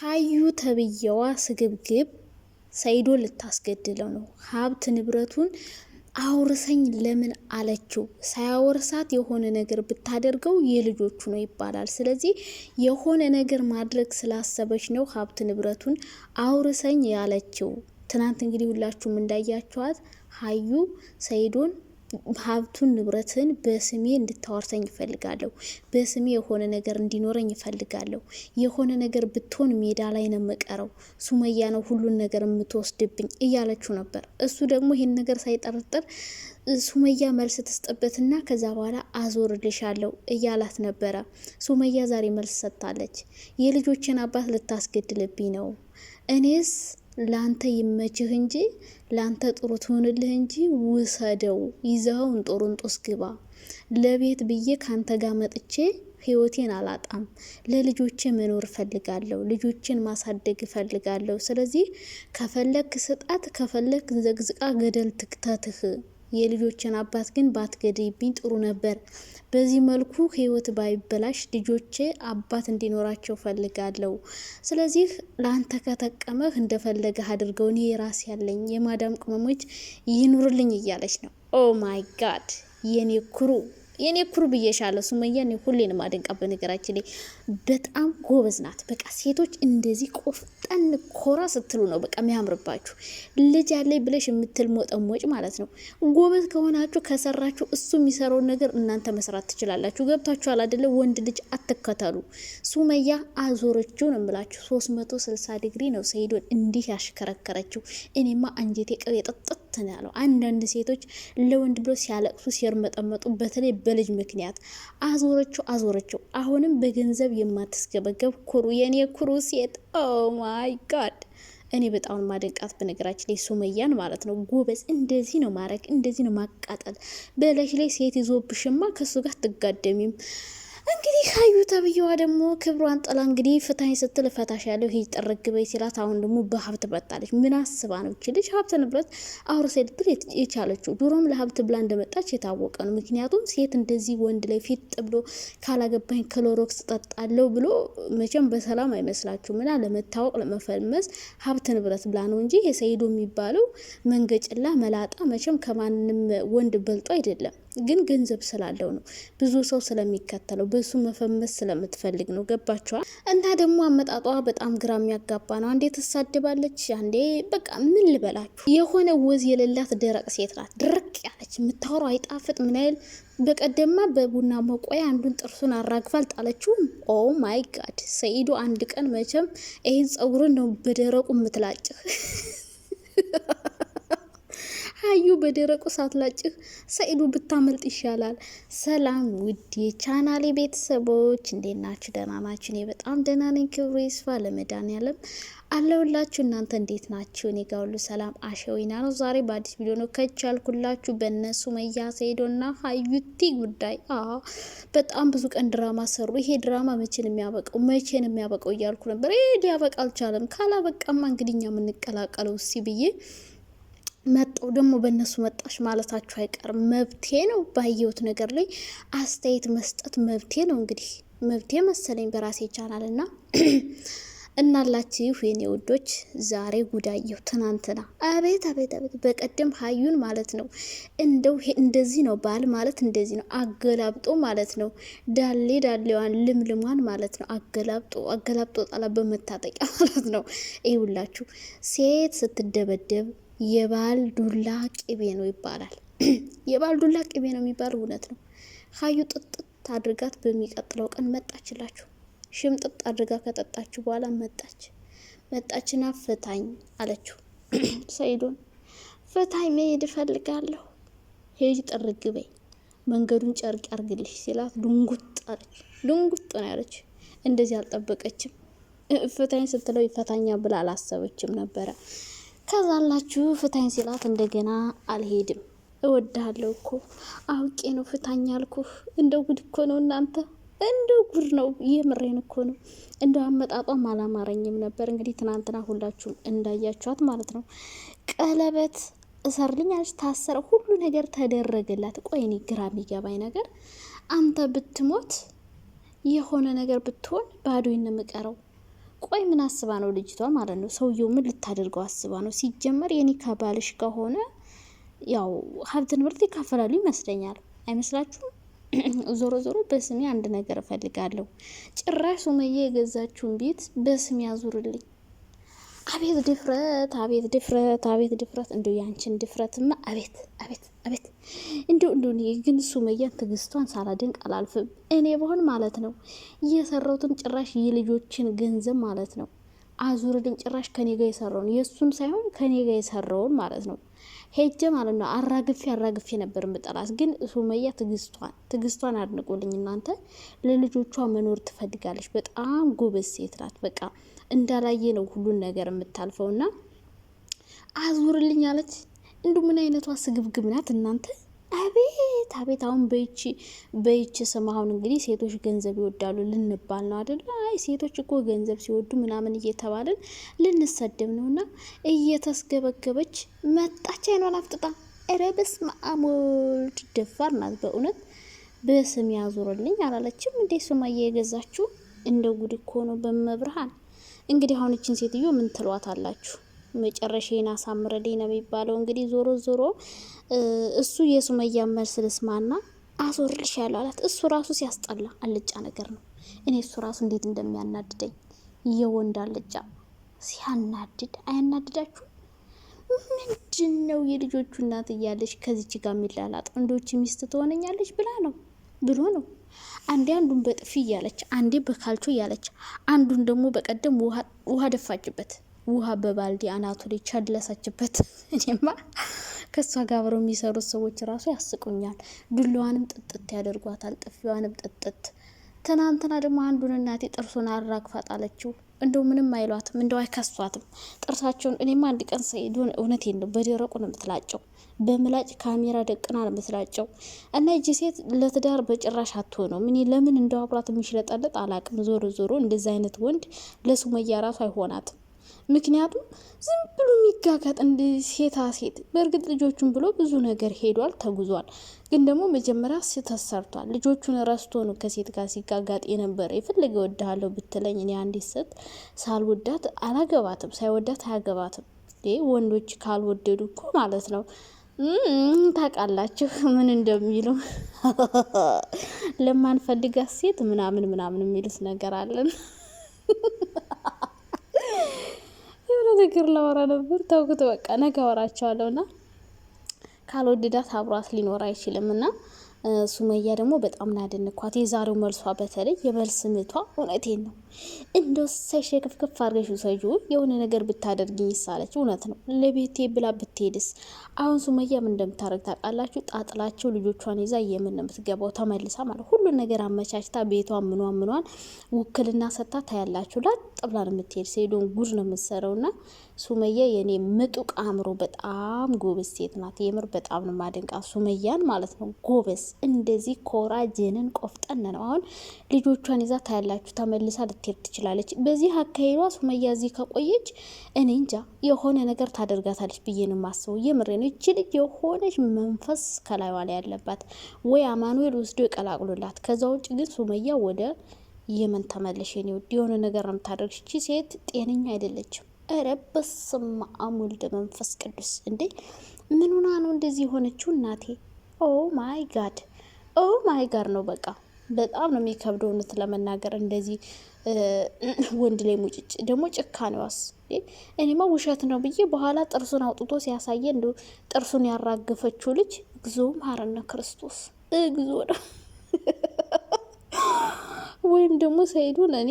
ሀዩ ተብዬዋ ስግብግብ ሰይዶ ልታስገድለው ነው። ሀብት ንብረቱን አውርሰኝ ለምን አለችው። ሳያወርሳት የሆነ ነገር ብታደርገው የልጆቹ ነው ይባላል። ስለዚህ የሆነ ነገር ማድረግ ስላሰበች ነው ሀብት ንብረቱን አውርሰኝ ያለችው። ትናንት እንግዲህ ሁላችሁም እንዳያችኋት ሀዩ ሰይዶን ሀብቱን ንብረትን በስሜ እንድታወርሰኝ ይፈልጋለሁ። በስሜ የሆነ ነገር እንዲኖረኝ ይፈልጋለሁ። የሆነ ነገር ብትሆን ሜዳ ላይ ነው የምቀረው። ሱመያ ነው ሁሉን ነገር የምትወስድብኝ እያለችው ነበር። እሱ ደግሞ ይህን ነገር ሳይጠረጥር ሱመያ መልስ ትስጥበትና ከዛ በኋላ አዞርልሻለሁ እያላት ነበረ። ሱመያ ዛሬ መልስ ሰጥታለች። የልጆችን አባት ልታስገድልብኝ ነው እኔስ ላንተ ይመችህ እንጂ ላንተ ጥሩ ትሆንልህ እንጂ ውሰደው፣ ይዘኸውን ጦርንጦስ ግባ። ለቤት ብዬ ካንተ ጋር መጥቼ ህይወቴን አላጣም። ለልጆቼ መኖር እፈልጋለሁ። ልጆቼን ማሳደግ እፈልጋለሁ። ስለዚህ ከፈለክ ስጣት፣ ከፈለክ ዘግዝቃ ገደል ትክተትህ። የልጆችን አባት ግን ባትገድይብኝ ጥሩ ነበር። በዚህ መልኩ ህይወት ባይበላሽ ልጆቼ አባት እንዲኖራቸው ፈልጋለሁ። ስለዚህ ለአንተ ከተቀመህ እንደፈለገህ አድርገው፣ እኔ ራስ ያለኝ የማዳም ቅመሞች ይኑርልኝ እያለች ነው። ኦ ማይ ጋድ የኔ ኩሩ የኔ ኩር ብዬሻለሁ። ሱመያ እኔ ሁሌንም አደንቃ። በነገራችን ላይ በጣም ጎበዝ ናት። በቃ ሴቶች እንደዚህ ቆፍጠን ኮራ ስትሉ ነው በቃ የሚያምርባችሁ። ልጅ ያለኝ ብለሽ የምትል ሞጠሞጭ ማለት ነው። ጎበዝ ከሆናችሁ ከሰራችሁ፣ እሱ የሚሰራውን ነገር እናንተ መስራት ትችላላችሁ። ገብታችኋል አይደለ? ወንድ ልጅ አትከተሉ። ሱመያ አዞረችው ነው የምላችሁ። ሶስት መቶ ስልሳ ዲግሪ ነው ሰይዶን እንዲህ ያሽከረከረችው። እኔማ አንጀቴ ቅቤ ጠጠት ነው ያለው። አንዳንድ ሴቶች ለወንድ ብሎ ሲያለቅሱ ሲርመጠመጡ፣ በተለይ በልጅ ምክንያት አዞረችው አዞረችው። አሁንም በገንዘብ የማትስገበገብ ኩሩ የኔ ኩሩ ሴት ኦ ማይ ጋድ እኔ በጣም ማደንቃት በነገራችን ላይ ሱመያን ማለት ነው። ጎበዝ እንደዚህ ነው ማድረግ፣ እንደዚህ ነው ማቃጠል። በለሽ ላይ ሴት ይዞብሽማ ከሱ ጋር ትጋደሚም እንግዲህ ሀዩ ተብዬዋ ደግሞ ክብሯን ጥላ እንግዲህ ፍታኝ ስትል ፈታሽ ያለው ይህ ጥርግ በይ ሲላት፣ አሁን ደግሞ በሀብት በጣለች። ምን አስባ ነው ይች ልጅ ሀብት ንብረት አውርሳ ልትል የቻለችው? ድሮም ለሀብት ብላ እንደመጣች የታወቀ ነው። ምክንያቱም ሴት እንደዚህ ወንድ ላይ ፊት ብሎ ካላገባኝ ክሎሮክስ ጠጣለው ብሎ መቼም በሰላም አይመስላችሁ ምና ለመታወቅ ለመፈልመስ ሀብት ንብረት ብላ ነው እንጂ የሰይዶ የሚባለው መንገጭላ መላጣ መቼም ከማንም ወንድ በልጦ አይደለም። ግን ገንዘብ ስላለው ነው። ብዙ ሰው ስለሚከተለው በሱ መፈመስ ስለምትፈልግ ነው። ገባችኋል? እና ደግሞ አመጣጧ በጣም ግራ የሚያጋባ ነው። አንዴ ትሳድባለች፣ አንዴ በቃ ምን ልበላችሁ፣ የሆነ ወዝ የሌላት ደረቅ ሴት ናት። ድርቅ ያለች የምታወራው አይጣፍጥ ምን ያህል በቀደማ በቡና መቆያ አንዱን ጥርሱን አራግፋ አልጣለችው። ኦ ማይ ጋድ ሰኢዶ፣ አንድ ቀን መቼም ይህን ጸጉርን ነው በደረቁ የምትላጭህ። ሀዩ በደረቁ ሳትላጭህ ሰኢዱ ብታመልጥ ይሻላል። ሰላም ውድ የቻናሌ ቤተሰቦች እንዴት ናችሁ? ደህና ናችሁ? እኔ በጣም ደህና ነኝ። ክብሩ ይስፋ ለመድኃኒዓለም አለሁላችሁ። እናንተ እንዴት ናችሁ? እኔ ጋር ሁሉ ሰላም አሸዊና ነው። ዛሬ በአዲስ ቪዲዮ ነው ከቻልኩላችሁ በእነሱ መያ ሰኢዶና ሀዩቲ ጉዳይ በጣም ብዙ ቀን ድራማ ሰሩ። ይሄ ድራማ መቼን የሚያበቀው መቼን የሚያበቀው እያልኩ ነበር። ይሄ ሊያበቃ አልቻለም። ካላበቃማ እንግዲህ እኛ የምንቀላቀለው እሲ ብዬ መጣው ደግሞ በእነሱ መጣሽ ማለታቸው አይቀርም። መብቴ ነው፣ ባየሁት ነገር ላይ አስተያየት መስጠት መብቴ ነው። እንግዲህ መብቴ መሰለኝ በራሴ ይቻላል እና እናላችሁ የኔ ውዶች፣ ዛሬ ጉዳየው ትናንትና፣ አቤት አቤት አቤት! በቀደም ሀዩን ማለት ነው እንደው እንደዚህ ነው ባል ማለት እንደዚህ ነው አገላብጦ ማለት ነው ዳሌ ዳሌዋን ልምልሟን ማለት ነው አገላብጦ አገላብጦ ጣላ በመታጠቂያ ማለት ነው። ይሁላችሁ ሴት ስትደበደብ የባል ዱላ ቅቤ ነው ይባላል። የባል ዱላ ቅቤ ነው የሚባለው እውነት ነው። ሀዩ ጥጥት አድርጋት በሚቀጥለው ቀን መጣችላችሁ። ሽምጥጥ አድርጋ ከጠጣችሁ በኋላ መጣች መጣችና ፍታኝ አለችው ሰይዶን። ፍታኝ መሄድ እፈልጋለሁ። ሄጅ ጥርግ በይ መንገዱን ጨርቅ ያርግልሽ ሲላት ድንጉጥ አለች። ድንጉጥ ነው ያለች። እንደዚህ አልጠበቀችም። ፍታኝ ስትለው ፈታኛ ብላ አላሰበችም ነበረ። ከዛላችሁ ፍታኝ ሲላት እንደገና አልሄድም እወድሃለሁ እኮ አውቄ ነው ፍታኝ አልኩ። እንደ ጉድ እኮ ነው እናንተ፣ እንደ ጉድ ነው። የምሬን እኮ ነው። እንደ አመጣጧም አላማረኝም ነበር። እንግዲህ ትናንትና ሁላችሁም እንዳያችኋት ማለት ነው። ቀለበት እሰርልኝ አለች፣ ታሰረ፣ ሁሉ ነገር ተደረገላት። ቆይ እኔ ግራ የሚገባኝ ነገር አንተ ብትሞት የሆነ ነገር ብትሆን ባዶ ነው የምቀረው ቆይ ምን አስባ ነው ልጅቷ ማለት ነው? ሰውየው ምን ልታደርገው አስባ ነው? ሲጀመር የኒካ ባልሽ ከሆነ ያው ሀብት ንብረት ይካፈላሉ ይመስለኛል። አይመስላችሁም? ዞሮ ዞሮ በስሜ አንድ ነገር እፈልጋለሁ። ጭራሽ ሱመያ የገዛችውን ቤት በስሜ ያዙርልኝ? አቤት ድፍረት! አቤት ድፍረት! አቤት ድፍረት! እንዲሁ ያንቺን ድፍረትማ አቤት አቤት አቤት! ወንዱን ግን ሱመያ ትዕግስቷን ሳላደንቅ አላልፍም። እኔ በሆን ማለት ነው የሰራውትን ጭራሽ የልጆችን ገንዘብ ማለት ነው አዙርልኝ ጭራሽ ከኔ ጋር የሰራውን የእሱን ሳይሆን ከኔ ጋር የሰራውን ማለት ነው ሄጀ ማለት ነው አራግፌ አራግፌ ነበር ምጠላት። ግን ሱመያ ትዕግስቷን ትዕግስቷን አድንቁልኝ እናንተ። ለልጆቿ መኖር ትፈልጋለች። በጣም ጎበዝ ሴት ናት። በቃ እንዳላየ ነው ሁሉን ነገር የምታልፈውና አዙርልኝ አለች። እንዱ ምን አይነቷ ስግብግብ ናት እናንተ አቤት አቤት! አሁን በይቺ በይቺ ስም አሁን እንግዲህ ሴቶች ገንዘብ ይወዳሉ ልንባል ነው አደለ? አይ ሴቶች እኮ ገንዘብ ሲወዱ ምናምን እየተባልን ልንሰደብ ነው። እና እየተስገበገበች መጣች አይኗን አፍጥጣ። ኧረ በስመ አብ ወልድ! ደፋር ናት በእውነት። በስም ያዙርልኝ አላለችም እንዴ? ሱማዬ የገዛችሁ እንደ ጉድ እኮ ነው። በመብርሃን እንግዲህ አሁን እችን ሴትዮ ምን ትሏት አላችሁ? መጨረሻዬን አሳምረልኝ ነው የሚባለው። እንግዲህ ዞሮ ዞሮ እሱ የሱመያ መልስ ልስማና ያለው አላት። እሱ ራሱ ሲያስጠላ አልጫ ነገር ነው። እኔ እሱ ራሱ እንዴት እንደሚያናድደኝ የወንድ አልጫ ሲያናድድ አያናድዳችሁ? ምንድን ነው የልጆቹ እናት እያለች ከዚች ጋር የሚላላጥ ወንዶች ሚስት ትሆነኛለች ብላ ነው ብሎ ነው። አንዴ አንዱን በጥፊ እያለች፣ አንዴ በካልቾ እያለች፣ አንዱን ደግሞ በቀደም ውሃ ደፋችበት። ውሃ በባልዲ አናቱ ላይ ቸለሰችበት። እኔማ ከእሷ ጋር አብረው የሚሰሩት ሰዎች ራሱ ያስቁኛል። ዱላዋንም ጥጥት ያደርጓታል፣ ጥፊዋንም ጥጥት። ትናንትና ደግሞ አንዱን እናቴ ጥርሱን አራግፋ ጣለችው። እንደው ምንም አይሏትም፣ እንደው አይከሷትም ጥርሳቸውን። እኔማ አንድ ቀን ሰይድ እውነቴን ነው በደረቁ ነው የምትላጨው፣ በምላጭ ካሜራ ደቅና ነው የምትላጨው። እና እጅ ሴት ለትዳር በጭራሽ አትሆነውም። እኔ ለምን እንደው አብሯት የሚሽለጠለጥ አላቅም። ዞሮ ዞሮ እንደዚ አይነት ወንድ ለሱመያ ራሱ አይሆናትም። ምክንያቱም ዝም ብሎ የሚጋጋጥ እንደ ሴታ ሴት በእርግጥ ልጆቹን ብሎ ብዙ ነገር ሄዷል ተጉዟል። ግን ደግሞ መጀመሪያ ስህተት ሰርቷል። ልጆቹን ረስቶ ነው ከሴት ጋር ሲጋጋጥ የነበረ። የፈለገ ወድሃለሁ ብትለኝ እኔ አንዲት ሴት ሳልወዳት አላገባትም፣ ሳይወዳት አያገባትም። ወንዶች ካልወደዱ እኮ ማለት ነው ታውቃላችሁ ምን እንደሚሉ ለማንፈልጋት ሴት ምናምን ምናምን የሚሉት ነገር አለን። ነገር ላወራ ነበር ተውኩት። በቃ ነገ አወራቸዋለሁ። እና ካልወደዳት አብሯት ሊኖር አይችልም እና ሱመያ ደግሞ በጣም ናደንኳት። የዛሬው መልሷ በተለይ የመልስ ምቷ እውነቴን ነው እንደ ሰሽ ክፍክፍ አድርገሽ ሰጁ የሆነ ነገር ብታደርግኝ ይሳለች። እውነት ነው ለቤቴ ብላ ብትሄድስ? አሁን ሱመያ ምን እንደምታደርግ ታውቃላችሁ? ጣጥላቸው ልጆቿን ይዛ የምን ነው የምትገባው? ተመልሳ ማለት ሁሉን ነገር አመቻችታ ቤቷ ምኗ ምኗን ውክልና ሰጥታ ታያላችሁ። ላጥ ብላ ነው የምትሄድ። ሴዶን ጉድ ነው የምትሰረው። እና ሱመያ የእኔ ምጡቅ አእምሮ በጣም ጎበዝ ሴት ናት። የምር በጣም ነው ማደንቃ ሱመያን ማለት ነው ጎበዝ እንደዚህ ኮራ ጀንን ቆፍጠን ነው። አሁን ልጆቿን ይዛ ታያላችሁ፣ ተመልሳ ልትሄድ ትችላለች። በዚህ አካሄዷ ሱመያ እዚህ ከቆየች እኔ እንጃ የሆነ ነገር ታደርጋታለች ብዬ ነው የማስበው። የምሬ ነው። ይቺ ልጅ የሆነች መንፈስ ከላይዋ ላይ ያለባት ወይ አማኑኤል ወስዶ ይቀላቅሉላት። ከዛ ውጭ ግን ሱመያ ወደ የመን ተመለሽ ኔ ውድ፣ የሆነ ነገር ነው የምታደርግሽ። እቺ ሴት ጤነኛ አይደለችም። ኧረ በስመ አብ ወወልድ ወመንፈስ ቅዱስ! እንዴ ምን ሆና ነው እንደዚህ የሆነችው እናቴ? ኦ ማይ ጋድ ኦ ማይ ጋድ ነው። በቃ በጣም ነው የሚከብደው እውነት ለመናገር እንደዚህ ወንድ ላይ ሙጭጭ ደግሞ ጭካኔዋስ እኔማ ውሸት ነው ብዬ በኋላ ጥርሱን አውጥቶ ሲያሳየ እንዲ ጥርሱን ያራገፈችው ልጅ እግዚኦ መሐረነ ክርስቶስ እግዚኦ ነው። ደግሞ ሰይዱ ለእኔ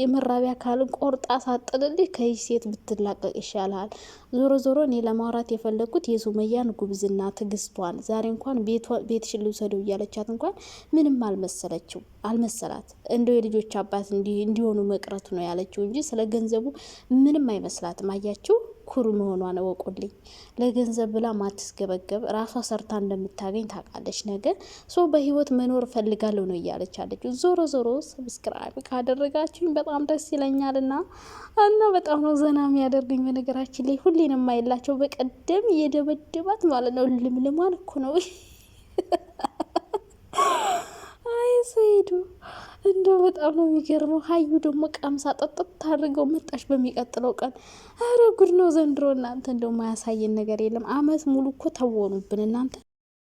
የመራቢያ አካልን ቆርጣ ሳጥልልህ ከይህ ሴት ብትላቀቅ ይሻላል። ዞሮ ዞሮ እኔ ለማውራት የፈለግኩት የሱመያን ጉብዝና ትግስቷን፣ ዛሬ እንኳን ቤትሽን ልውሰደው እያለቻት እንኳን ምንም አልመሰለችው አልመሰላት እንደው የልጆች አባት እንዲሆኑ መቅረቱ ነው ያለችው እንጂ ስለ ገንዘቡ ምንም አይመስላትም። አያችሁ። ኩሩ መሆኗን እወቁልኝ። ለገንዘብ ብላ ማትስገበገብ ራሷ ሰርታ እንደምታገኝ ታውቃለች። ነገር ሶ በህይወት መኖር እፈልጋለሁ ነው እያለች አለች። ዞሮ ዞሮ ሰብስክራይብ ካደረጋችሁኝ በጣም ደስ ይለኛል እና እና በጣም ነው ዘና የሚያደርገኝ። በነገራችን ላይ ሁሌን የማይላቸው በቀደም የደበድባት ማለት ነው ልምልማን እኮ ነው ሰይዱ እንደው በጣም ነው የሚገርመው። ሀዩ ደግሞ ቀምሳ ጠጥጥ ታድርገው መጣሽ በሚቀጥለው ቀን። ኧረ ጉድ ነው ዘንድሮ እናንተ። እንደው ማያሳየን ነገር የለም። አመት ሙሉ እኮ ተወኑብን እናንተ።